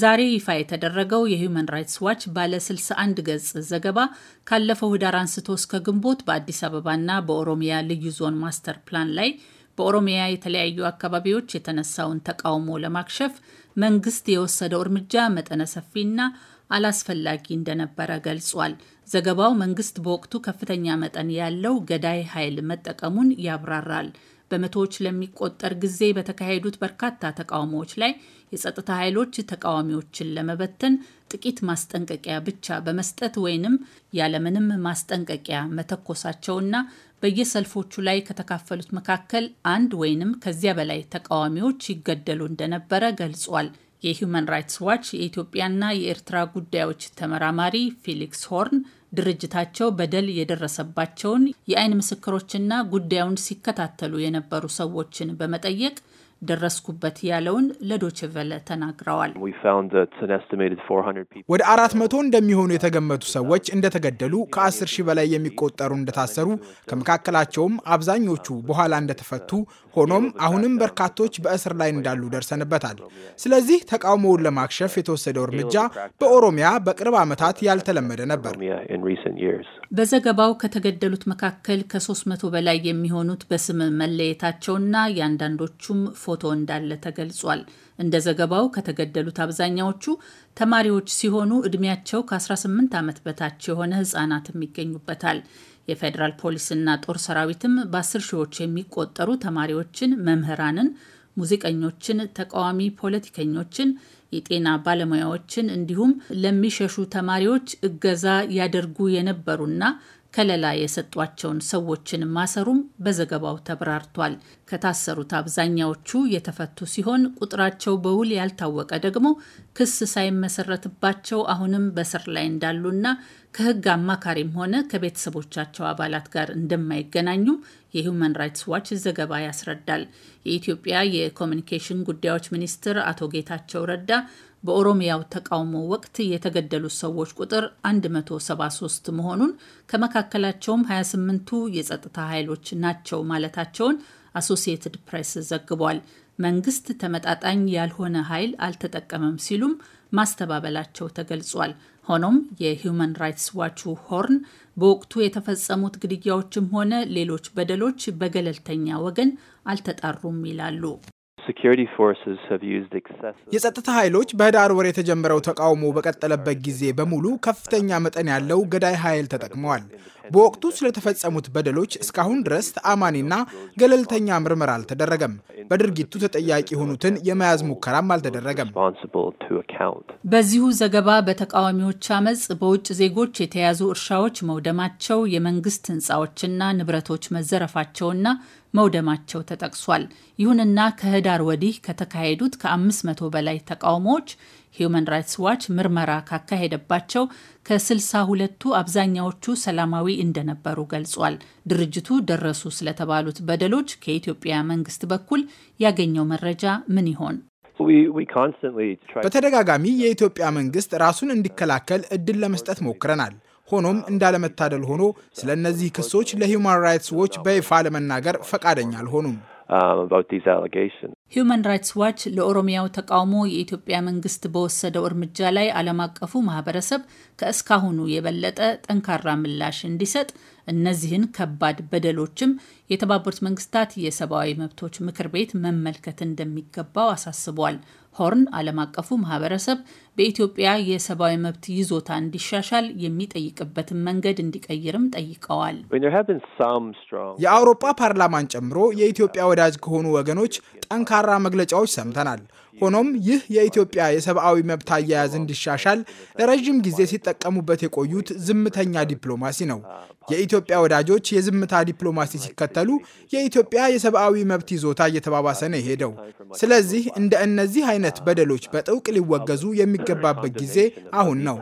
ዛሬ ይፋ የተደረገው የሁማን ራይትስ ዋች ባለ 61 ገጽ ዘገባ ካለፈው ህዳር አንስቶ እስከ ግንቦት በአዲስ አበባና በኦሮሚያ ልዩ ዞን ማስተር ፕላን ላይ በኦሮሚያ የተለያዩ አካባቢዎች የተነሳውን ተቃውሞ ለማክሸፍ መንግስት የወሰደው እርምጃ መጠነ ሰፊና አላስፈላጊ እንደነበረ ገልጿል። ዘገባው መንግስት በወቅቱ ከፍተኛ መጠን ያለው ገዳይ ኃይል መጠቀሙን ያብራራል። በመቶዎች ለሚቆጠር ጊዜ በተካሄዱት በርካታ ተቃውሞዎች ላይ የጸጥታ ኃይሎች ተቃዋሚዎችን ለመበተን ጥቂት ማስጠንቀቂያ ብቻ በመስጠት ወይንም ያለምንም ማስጠንቀቂያ መተኮሳቸውና በየሰልፎቹ ላይ ከተካፈሉት መካከል አንድ ወይንም ከዚያ በላይ ተቃዋሚዎች ይገደሉ እንደነበረ ገልጿል። የሂዩማን ራይትስ ዋች የኢትዮጵያና የኤርትራ ጉዳዮች ተመራማሪ ፊሊክስ ሆርን ድርጅታቸው በደል የደረሰባቸውን የአይን ምስክሮችና ጉዳዩን ሲከታተሉ የነበሩ ሰዎችን በመጠየቅ ደረስኩበት ያለውን ለዶችቨለ ተናግረዋል። ወደ አራት መቶ እንደሚሆኑ የተገመቱ ሰዎች እንደተገደሉ ከአስር ሺህ በላይ የሚቆጠሩ እንደታሰሩ ከመካከላቸውም አብዛኞቹ በኋላ እንደተፈቱ ሆኖም አሁንም በርካቶች በእስር ላይ እንዳሉ ደርሰንበታል። ስለዚህ ተቃውሞውን ለማክሸፍ የተወሰደው እርምጃ በኦሮሚያ በቅርብ ዓመታት ያልተለመደ ነበር። በዘገባው ከተገደሉት መካከል ከሶስት መቶ በላይ የሚሆኑት በስም መለየታቸውና የአንዳንዶቹም ፎቶ እንዳለ ተገልጿል። እንደ ዘገባው ከተገደሉት አብዛኛዎቹ ተማሪዎች ሲሆኑ እድሜያቸው ከ18 ዓመት በታች የሆነ ህጻናትም ይገኙበታል። የፌዴራል ፖሊስና ጦር ሰራዊትም በአስር ሺዎች የሚቆጠሩ ተማሪዎችን፣ መምህራንን፣ ሙዚቀኞችን፣ ተቃዋሚ ፖለቲከኞችን፣ የጤና ባለሙያዎችን እንዲሁም ለሚሸሹ ተማሪዎች እገዛ ያደርጉ የነበሩና ከለላ የሰጧቸውን ሰዎችን ማሰሩም በዘገባው ተብራርቷል። ከታሰሩት አብዛኛዎቹ የተፈቱ ሲሆን ቁጥራቸው በውል ያልታወቀ ደግሞ ክስ ሳይመሰረትባቸው አሁንም በስር ላይ እንዳሉና ከህግ አማካሪም ሆነ ከቤተሰቦቻቸው አባላት ጋር እንደማይገናኙም የሁማን ራይትስ ዋች ዘገባ ያስረዳል። የኢትዮጵያ የኮሚኒኬሽን ጉዳዮች ሚኒስትር አቶ ጌታቸው ረዳ በኦሮሚያው ተቃውሞ ወቅት የተገደሉት ሰዎች ቁጥር 173 መሆኑን ከመካከላቸውም 28ቱ የጸጥታ ኃይሎች ናቸው ማለታቸውን አሶሲየትድ ፕሬስ ዘግቧል። መንግስት ተመጣጣኝ ያልሆነ ኃይል አልተጠቀመም ሲሉም ማስተባበላቸው ተገልጿል። ሆኖም የሂዩማን ራይትስ ዋቹ ሆርን በወቅቱ የተፈጸሙት ግድያዎችም ሆነ ሌሎች በደሎች በገለልተኛ ወገን አልተጣሩም ይላሉ። የጸጥታ ኃይሎች በህዳር ወር የተጀመረው ተቃውሞ በቀጠለበት ጊዜ በሙሉ ከፍተኛ መጠን ያለው ገዳይ ኃይል ተጠቅመዋል። በወቅቱ ስለተፈጸሙት በደሎች እስካሁን ድረስ ተአማኒና ገለልተኛ ምርመራ አልተደረገም። በድርጊቱ ተጠያቂ የሆኑትን የመያዝ ሙከራም አልተደረገም። በዚሁ ዘገባ በተቃዋሚዎች አመፅ በውጭ ዜጎች የተያዙ እርሻዎች መውደማቸው፣ የመንግስት ህንፃዎችና ንብረቶች መዘረፋቸውና መውደማቸው ተጠቅሷል። ይሁንና ከህዳር ወዲህ ከተካሄዱት ከአምስት መቶ በላይ ተቃውሞዎች ሂዩማን ራይትስ ዋች ምርመራ ካካሄደባቸው ከስልሳ ሁለቱ አብዛኛዎቹ ሰላማዊ እንደነበሩ ገልጿል። ድርጅቱ ደረሱ ስለተባሉት በደሎች ከኢትዮጵያ መንግስት በኩል ያገኘው መረጃ ምን ይሆን? በተደጋጋሚ የኢትዮጵያ መንግስት ራሱን እንዲከላከል እድል ለመስጠት ሞክረናል። ሆኖም እንዳለመታደል ሆኖ ስለ እነዚህ ክሶች ለሂዩማን ራይትስ ዎች በይፋ ለመናገር ፈቃደኛ አልሆኑም። um, ሂዩማን ራይትስ ዋች ለኦሮሚያው ተቃውሞ የኢትዮጵያ መንግስት በወሰደው እርምጃ ላይ ዓለም አቀፉ ማህበረሰብ ከእስካሁኑ የበለጠ ጠንካራ ምላሽ እንዲሰጥ እነዚህን ከባድ በደሎችም የተባበሩት መንግስታት የሰብአዊ መብቶች ምክር ቤት መመልከት እንደሚገባው አሳስቧል። ሆርን ዓለም አቀፉ ማህበረሰብ በኢትዮጵያ የሰብአዊ መብት ይዞታ እንዲሻሻል የሚጠይቅበትን መንገድ እንዲቀይርም ጠይቀዋል። የአውሮፓ ፓርላማን ጨምሮ የኢትዮጵያ ወዳጅ ከሆኑ ወገኖች ጠንካራ ጠንካራ መግለጫዎች ሰምተናል። ሆኖም ይህ የኢትዮጵያ የሰብአዊ መብት አያያዝ እንዲሻሻል ለረዥም ጊዜ ሲጠቀሙበት የቆዩት ዝምተኛ ዲፕሎማሲ ነው። የኢትዮጵያ ወዳጆች የዝምታ ዲፕሎማሲ ሲከተሉ የኢትዮጵያ የሰብአዊ መብት ይዞታ እየተባባሰ ነው የሄደው። ስለዚህ እንደ እነዚህ አይነት በደሎች በጥብቅ ሊወገዙ የሚገባበት ጊዜ አሁን ነው።